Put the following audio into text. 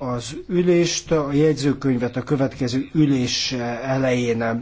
az ülést, a jegyzőkönyvet a következő ülés elején